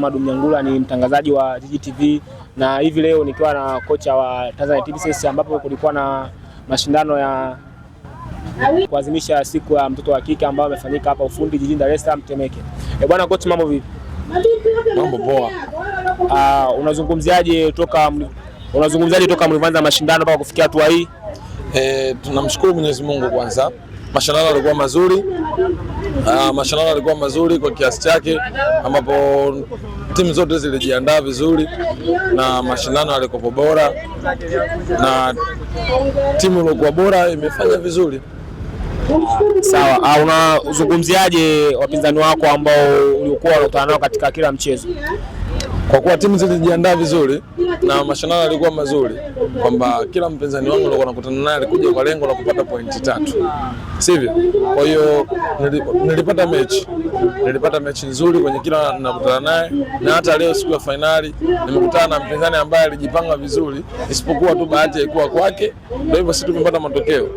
Madu Mnyangula ni mtangazaji wa Jiji TV na hivi leo nikiwa na kocha wa Tanzania TBS ambapo kulikuwa na mashindano ya kuadhimisha siku ya mtoto wa kike ambayo amefanyika hapa Ufundi jijini Dar es Salaam Temeke. Eh, bwana kocha, mambo vipi? Mambo poa. Ah, unazungumziaje toka unazungumziaje toka mlivyoanza mashindano mpaka kufikia hatua hii? E, tunamshukuru Mwenyezi Mungu kwanza, mashindano yalikuwa mazuri. Uh, ah, mashindano yalikuwa mazuri kwa kiasi chake, ambapo timu zote zilijiandaa vizuri na mashindano yalikuwa bora na timu iliyokuwa bora imefanya vizuri. Sawa, ah, unazungumziaje wapinzani wako ambao uliokuwa unakutana nao katika kila mchezo? kwa kuwa timu zilijiandaa vizuri na mashindano yalikuwa mazuri, kwamba kila mpinzani wangu alikuwa nakutana naye alikuja kwa lengo la kupata pointi tatu, sivyo? Kwa hiyo nilipata mechi nilipata mechi nzuri kwenye kila ninakutana naye, na hata leo siku ya fainali nimekutana na mpinzani ambaye alijipanga vizuri, isipokuwa tu bahati haikuwa kwake, ndio hivyo, sisi tumepata matokeo.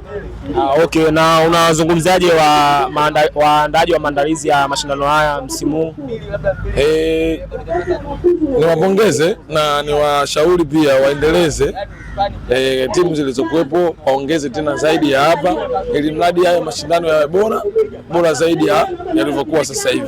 Ah, okay. Na unazungumzaje wa waandaji wa maandalizi ya mashindano haya msimu huu? Hey, eh, niwapongeze na niwashauri pia waendeleze e, timu zilizokuwepo waongeze tena zaidi ya hapa, ili mradi haya mashindano yawe bora bora zaidi ya yalivyokuwa sasa hivi.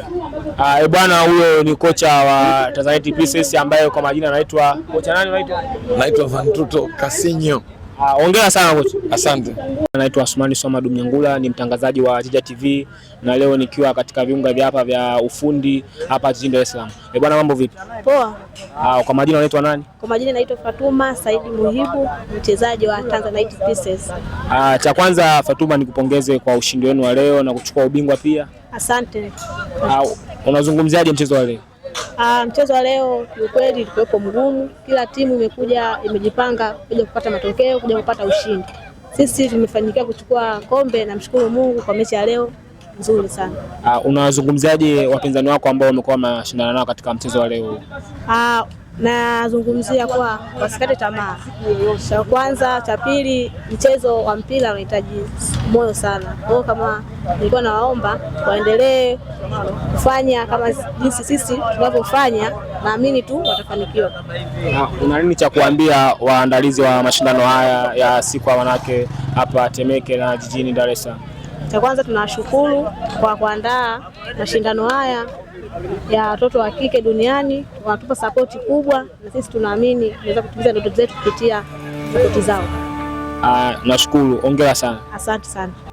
Uh, bwana huyo ni kocha wa Tanzania TPSS ambaye kwa majina anaitwa kocha nani, anaitwa Vantuto Kasinyo. Ah, hongera sana kocha. Asante. Naitwa Asmani Somadu Mnyangula, ni mtangazaji wa Jija TV na leo nikiwa katika viunga vya hapa vya ufundi hapa jijini Dar es Salaam. Eh, bwana mambo vipi? Poa. Ah, kwa majina unaitwa nani? Kwa majina naitwa Fatuma Saidi Muhibu, mchezaji wa Tanzanite Pieces. Ah, cha kwanza Fatuma nikupongeze kwa ushindi wenu wa leo na kuchukua ubingwa pia. Asante. Ah, unazungumziaje mchezo wa leo? Ah, mchezo wa leo kiukweli ulikuwa mgumu. Kila timu imekuja imejipanga kuja kupata matokeo, kuja kupata ushindi. Sisi tumefanikiwa kuchukua kombe, namshukuru Mungu kwa mechi ya leo nzuri sana. Uh, ah, unawazungumziaje wapinzani wako ambao wamekuwa wanashindana nao katika mchezo wa leo? Uh, nazungumzia kwa wasikate tamaa, cha kwanza. Cha pili, mchezo wa mpira unahitaji moyo sana. Kwa hiyo kama nilikuwa nawaomba waendelee kufanya kama jinsi sisi tunavyofanya, naamini tu watafanikiwa. Ah, una nini cha kuambia waandalizi wa mashindano haya ya siku ya wanawake hapa Temeke na jijini Dar es Salaam? Cha kwanza tunawashukuru kwa kuandaa mashindano haya ya watoto wa kike duniani, wanatupa sapoti kubwa, na sisi tunaamini tunaweza kutimiza ndoto zetu kupitia sapoti zao. Uh, nashukuru, ongera sana. Asante sana.